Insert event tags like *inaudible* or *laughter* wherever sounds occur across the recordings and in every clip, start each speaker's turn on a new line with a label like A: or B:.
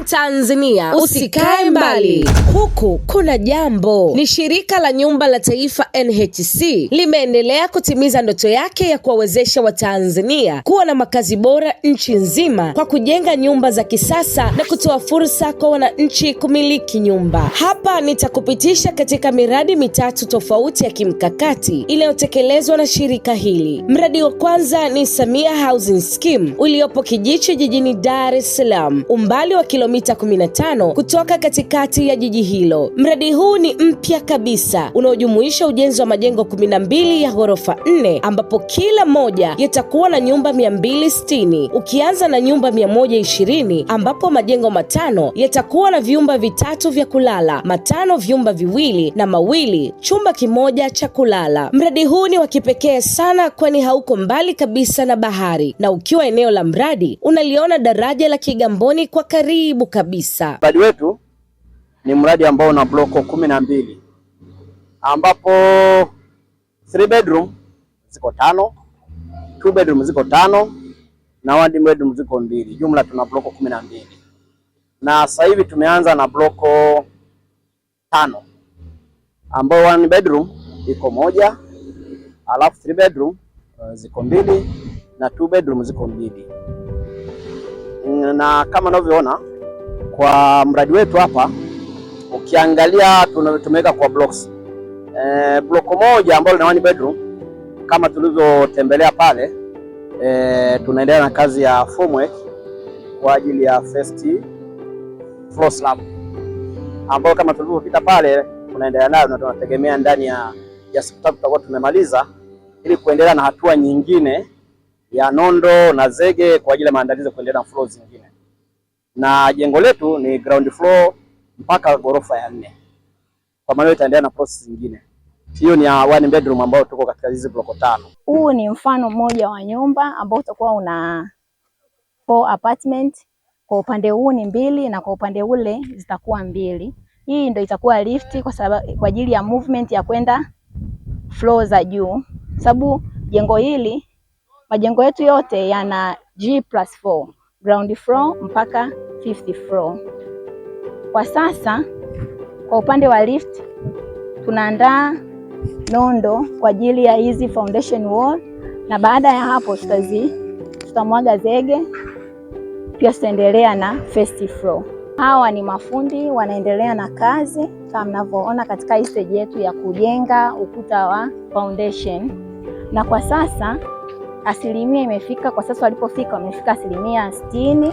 A: Mtanzania usikae mbali, huku kuna jambo. Ni shirika la nyumba la taifa NHC limeendelea kutimiza ndoto yake ya kuwawezesha Watanzania kuwa na makazi bora nchi nzima kwa kujenga nyumba za kisasa na kutoa fursa kwa wananchi kumiliki nyumba. Hapa nitakupitisha katika miradi mitatu tofauti ya kimkakati inayotekelezwa na shirika hili. Mradi wa kwanza ni Samia Housing Scheme uliopo Kijichi jijini Dar es Salaam, umbali wa kilomita kilomita 15 kutoka katikati ya jiji hilo. Mradi huu ni mpya kabisa unaojumuisha ujenzi wa majengo 12 ya ghorofa 4 ambapo kila moja yatakuwa na nyumba 260 ukianza na nyumba 120 ambapo majengo matano yatakuwa na vyumba vitatu vya kulala, matano vyumba viwili na mawili chumba kimoja cha kulala. Mradi huu ni wa kipekee sana kwani hauko mbali kabisa na bahari na ukiwa eneo la mradi unaliona daraja la Kigamboni kwa karibu karibu kabisa. Mradi wetu ni mradi ambao una bloko kumi na mbili ambapo 3 bedroom ziko tano, 2 bedroom ziko tano na one bedroom ziko mbili, jumla tuna bloko kumi na mbili na sasa hivi tumeanza na bloko tano ambayo one bedroom iko moja, alafu 3 bedroom uh, ziko mbili na 2 bedroom ziko mbili, na kama unavyoona kwa mradi wetu hapa ukiangalia tumeweka kwa blocks. E, block moja ambayo lina one bedroom kama tulivyotembelea pale e, tunaendelea na kazi ya formwork kwa ajili ya first floor slab ambayo kama tulivyopita pale tunaendelea nayo na tunategemea ndani ya ya siku tatu tutakuwa tumemaliza, ili kuendelea na hatua nyingine ya nondo na zege kwa ajili ya maandalizi ya kuendelea na floor zingine na jengo letu ni ground floor mpaka ghorofa ya nne, kwa maana itaendelea na process zingine. Hiyo ni ya one bedroom ambayo tuko katika hizi bloko tano.
B: Huu ni mfano mmoja wa nyumba ambao utakuwa una four apartment. Kwa upande huu ni mbili na kwa upande ule zitakuwa mbili. Hii ndio itakuwa lift kwa sababu kwa ajili ya movement ya kwenda floor za juu, sababu jengo hili majengo yetu yote yana 4 ground floor mpaka fifth floor. Kwa sasa kwa upande wa lift tunaandaa nondo kwa ajili ya hizi foundation wall, na baada ya hapo tutazi tutamwaga zege, pia tutaendelea na first floor. Hawa ni mafundi wanaendelea na kazi kama mnavyoona katika hii stage yetu ya kujenga ukuta wa foundation, na kwa sasa asilimia imefika kwa sasa, walipofika wamefika asilimia sitini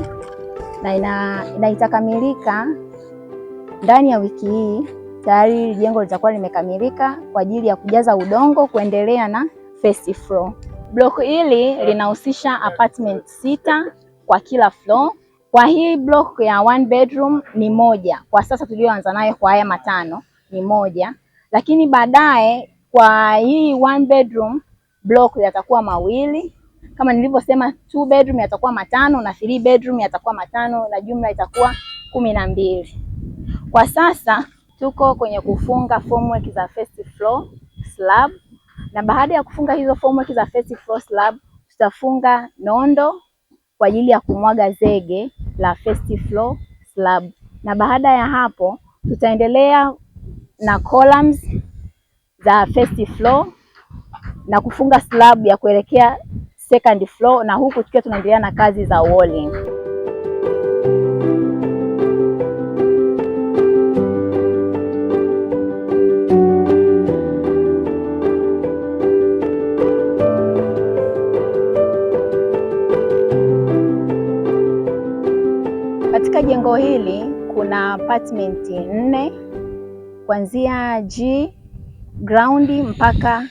B: na ina, na itakamilika ndani ya wiki hii. Tayari jengo litakuwa limekamilika kwa ajili ya kujaza udongo, kuendelea na first floor. Block hili linahusisha apartment sita kwa kila floor. Kwa hii block ya one bedroom ni moja kwa sasa tulioanza nayo, kwa haya matano ni moja, lakini baadaye kwa hii one bedroom block yatakuwa mawili kama nilivyosema, two bedroom yatakuwa matano na three bedroom yatakuwa matano na jumla itakuwa kumi na mbili. Kwa sasa tuko kwenye kufunga formwork za first floor slab, na baada ya kufunga hizo formwork za first floor slab tutafunga nondo kwa ajili ya kumwaga zege la first floor slab, na baada ya hapo tutaendelea na columns za first floor na kufunga slab ya kuelekea second floor, na huku tukiwa tunaendelea na kazi za walling. Katika jengo hili kuna apartment nne kuanzia G ground mpaka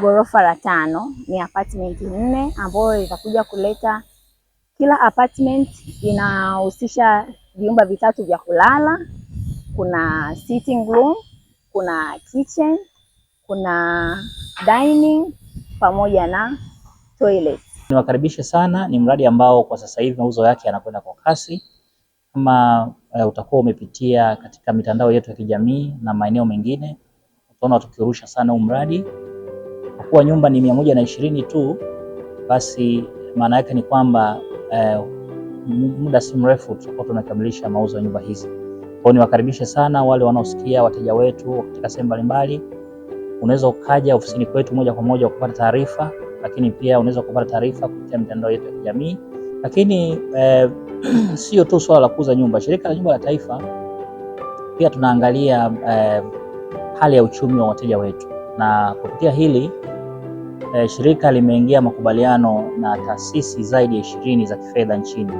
B: ghorofa la tano, ni apartment nne ambayo itakuja kuleta kila apartment inahusisha vyumba vitatu vya kulala, kuna sitting room, kuna kitchen, kuna dining pamoja na toilet.
C: Niwakaribishe sana, ni mradi ambao kwa sasa hivi mauzo yake yanakwenda kwa kasi. Kama uh, utakuwa umepitia katika mitandao yetu ya kijamii na maeneo mengine, utaona tukirusha sana huu mradi. Kwa kuwa nyumba ni mia moja na ishirini tu, basi maana yake ni kwamba eh, muda si mrefu tutakuwa tunakamilisha mauzo ya nyumba hizi. Kwa hiyo niwakaribishe sana wale wanaosikia, wateja wetu katika sehemu mbalimbali. Unaweza ukaja ofisini kwetu moja kwa moja kupata taarifa, lakini pia unaweza kupata taarifa kupitia mitandao yetu ya kijamii. Lakini eh, *clears throat* sio tu swala la kuuza nyumba. Shirika la Nyumba la Taifa pia tunaangalia eh, hali ya uchumi wa wateja wetu na kupitia hili e, shirika limeingia makubaliano na taasisi zaidi ya ishirini za kifedha nchini,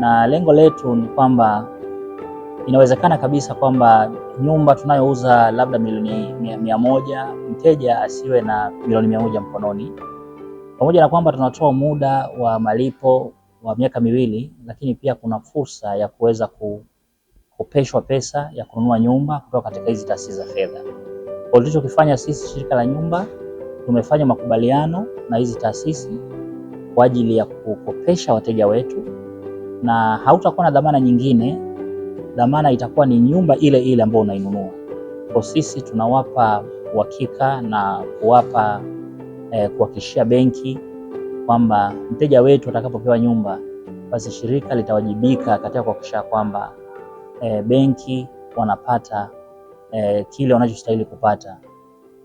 C: na lengo letu ni kwamba inawezekana kabisa kwamba nyumba tunayouza labda milioni mia, mia moja mteja asiwe na milioni mia moja mkononi, pamoja na kwamba tunatoa muda wa malipo wa miaka miwili, lakini pia kuna fursa ya kuweza kukopeshwa pesa ya kununua nyumba kutoka katika hizi taasisi za fedha. Kwa tulichokifanya sisi shirika la nyumba, tumefanya makubaliano na hizi taasisi kwa ajili ya kukopesha wateja wetu, na hautakuwa na dhamana nyingine. Dhamana itakuwa ni nyumba ile ile ambayo unainunua. Kwa sisi tunawapa uhakika na kuwapa eh, kuhakikishia benki kwamba mteja wetu atakapopewa nyumba, basi shirika litawajibika katika kuhakikisha kwamba eh, benki wanapata eh, kile wanachostahili kupata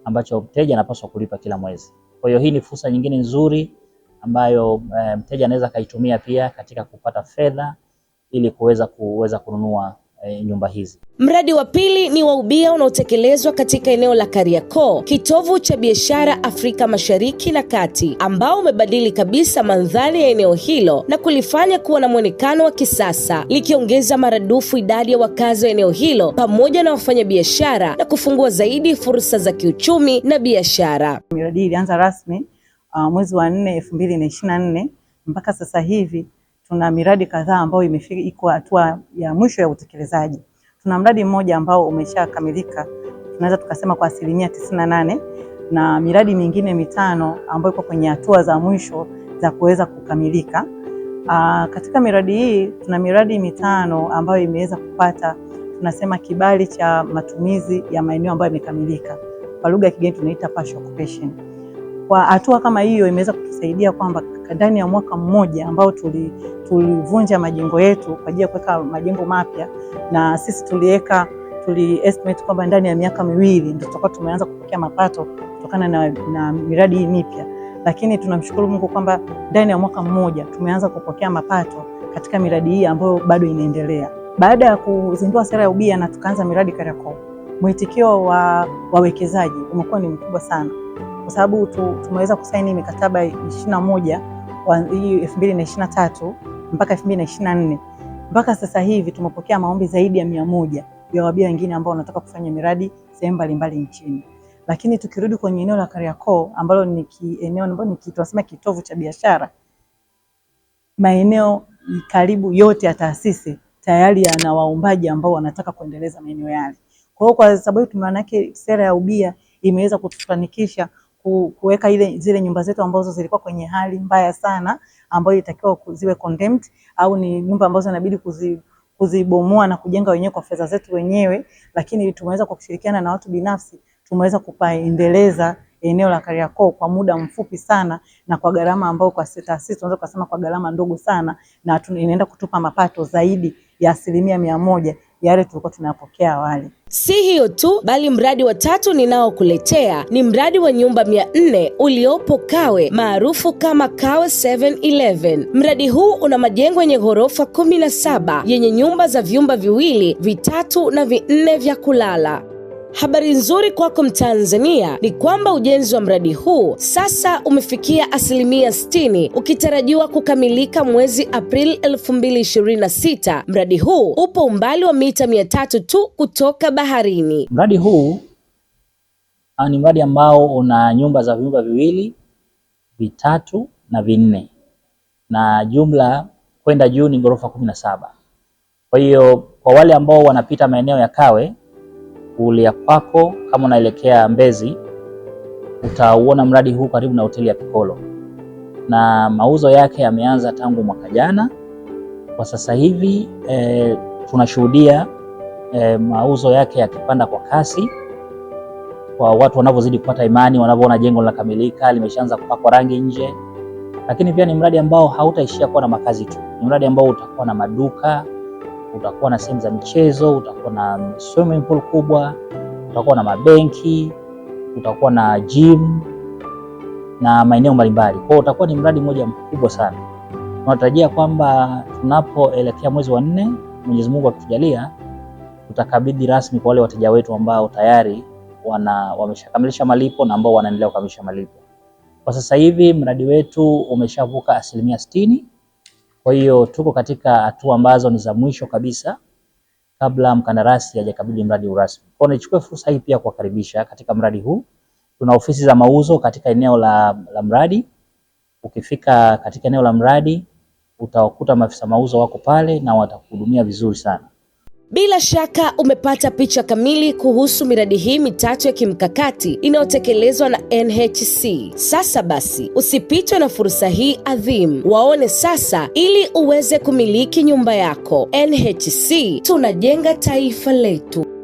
C: ambacho mteja anapaswa kulipa kila mwezi. Kwa hiyo hii ni fursa nyingine nzuri ambayo eh, mteja anaweza akaitumia pia katika kupata fedha ili kuweza kuweza kununua e, nyumba hizi.
D: Mradi wa pili ni wa ubia unaotekelezwa katika eneo la Kariakoo, kitovu cha biashara Afrika Mashariki na Kati, ambao umebadili kabisa mandhari ya eneo hilo na kulifanya kuwa na mwonekano wa kisasa, likiongeza maradufu idadi ya wakazi wa eneo hilo pamoja na wafanyabiashara na kufungua zaidi fursa za kiuchumi na biashara.
E: Miradi ilianza rasmi uh, mwezi wa nne elfu mbili na ishirini na nne mpaka sasa hivi tuna miradi kadhaa ambayo imefika iko hatua ya mwisho ya utekelezaji. Tuna mradi mmoja ambao umeshakamilika tunaweza tukasema kwa asilimia tisini na nane na miradi mingine mitano ambayo iko kwenye hatua za mwisho za kuweza kukamilika. Aa, ah, katika miradi hii tuna miradi mitano ambayo imeweza kupata tunasema kibali cha matumizi ya maeneo ambayo yamekamilika, kwa lugha ya kigeni tunaita partial occupation. Kwa hatua kama hiyo imeweza kutusaidia kwamba ndani ya mwaka mmoja ambao tulivunja tuli majengo yetu kwa ajili ya kuweka majengo mapya, na sisi tuliweka tuli estimate kwamba ndani ya miaka miwili ndio tutakuwa tumeanza kupokea mapato kutokana na, na miradi hii mipya, lakini tunamshukuru Mungu kwamba ndani ya mwaka mmoja tumeanza kupokea mapato katika miradi hii ambayo bado inaendelea. Baada ya kuzindua sera ya ubia na tukaanza miradi Kariakoo, mwitikio wa wawekezaji umekuwa ni mkubwa sana, kwa sababu tumeweza kusaini mikataba ishirini na moja hii 2023 mpaka 2024 mpaka sasa hivi tumepokea maombi zaidi ya mia moja ya wabia wengine ambao wanataka kufanya miradi sehemu mbalimbali nchini. Lakini tukirudi kwenye eneo la Kariakoo ambalo ni eneo ambalo tunasema kitovu cha biashara, maeneo karibu yote ya taasisi tayari yana waombaji ambao wanataka kuendeleza maeneo yale. Kwa hiyo kwa sababu tumeona sera ya ubia imeweza kutufanikisha kuweka ile zile nyumba zetu ambazo zilikuwa kwenye hali mbaya sana ambayo itakiwa ziwe condemned au ni nyumba ambazo inabidi kuzi kuzibomoa na kujenga wenyewe kwa fedha zetu wenyewe, lakini tumeweza kwa kushirikiana na watu binafsi tumeweza kupaendeleza eneo la Kariakoo kwa muda mfupi sana na kwa gharama ambayo kwa taasisi tunaweza kusema kwa gharama ndogo sana, na inaenda kutupa mapato zaidi ya asilimia mia moja yale tulikuwa tunayapokea awali.
D: Si hiyo tu, bali mradi wa tatu ninaokuletea ni mradi wa nyumba mia nne uliopo Kawe maarufu kama Kawe 711. Mradi huu una majengo yenye ghorofa saba yenye nyumba za vyumba viwili, vitatu na vinne vya kulala. Habari nzuri kwako Mtanzania ni kwamba ujenzi wa mradi huu sasa umefikia asilimia 60 ukitarajiwa kukamilika mwezi Aprili 2026. Mradi huu upo umbali wa mita mia tu kutoka baharini.
C: Mradi huu ah, ni mradi ambao una nyumba za vyumba viwili, vitatu na vinne na jumla kwenda juu ni ghorofa 17. Kwa hiyo kwa wale ambao wanapita maeneo ya Kawe kulia kwako, kama unaelekea Mbezi, utauona mradi huu karibu na hoteli ya Pikolo, na mauzo yake yameanza tangu mwaka jana. Kwa sasa hivi e, tunashuhudia e, mauzo yake yakipanda kwa kasi kwa watu wanavyozidi kupata imani, wanavyoona jengo linakamilika, limeshaanza kupakwa rangi nje. Lakini pia ni mradi ambao hautaishia kuwa na makazi tu, ni mradi ambao utakuwa na maduka utakuwa na sehemu za michezo, utakuwa na swimming pool kubwa, utakuwa na mabenki, utakuwa na gym na maeneo mbalimbali. Kwa hiyo utakuwa ni mradi mmoja mkubwa sana. Tunatarajia kwamba tunapoelekea mwezi wa nne, Mwenyezi Mungu akitujalia, tutakabidhi rasmi kwa wale wateja wetu ambao tayari wana wameshakamilisha malipo na ambao wanaendelea kukamilisha malipo. Kwa sasa hivi mradi wetu umeshavuka asilimia sitini. Kwa hiyo tuko katika hatua ambazo ni za mwisho kabisa kabla mkandarasi hajakabidhi mradi urasmi. Kwa nichukue fursa hii pia kuwakaribisha katika mradi huu. Tuna ofisi za mauzo katika eneo la, la mradi. Ukifika katika eneo la mradi utawakuta maafisa mauzo wako pale na watakuhudumia vizuri sana.
D: Bila shaka umepata picha kamili kuhusu miradi hii mitatu ya kimkakati inayotekelezwa na NHC. Sasa basi, usipitwe na fursa hii adhimu, waone sasa ili uweze kumiliki nyumba yako. NHC, tunajenga taifa letu.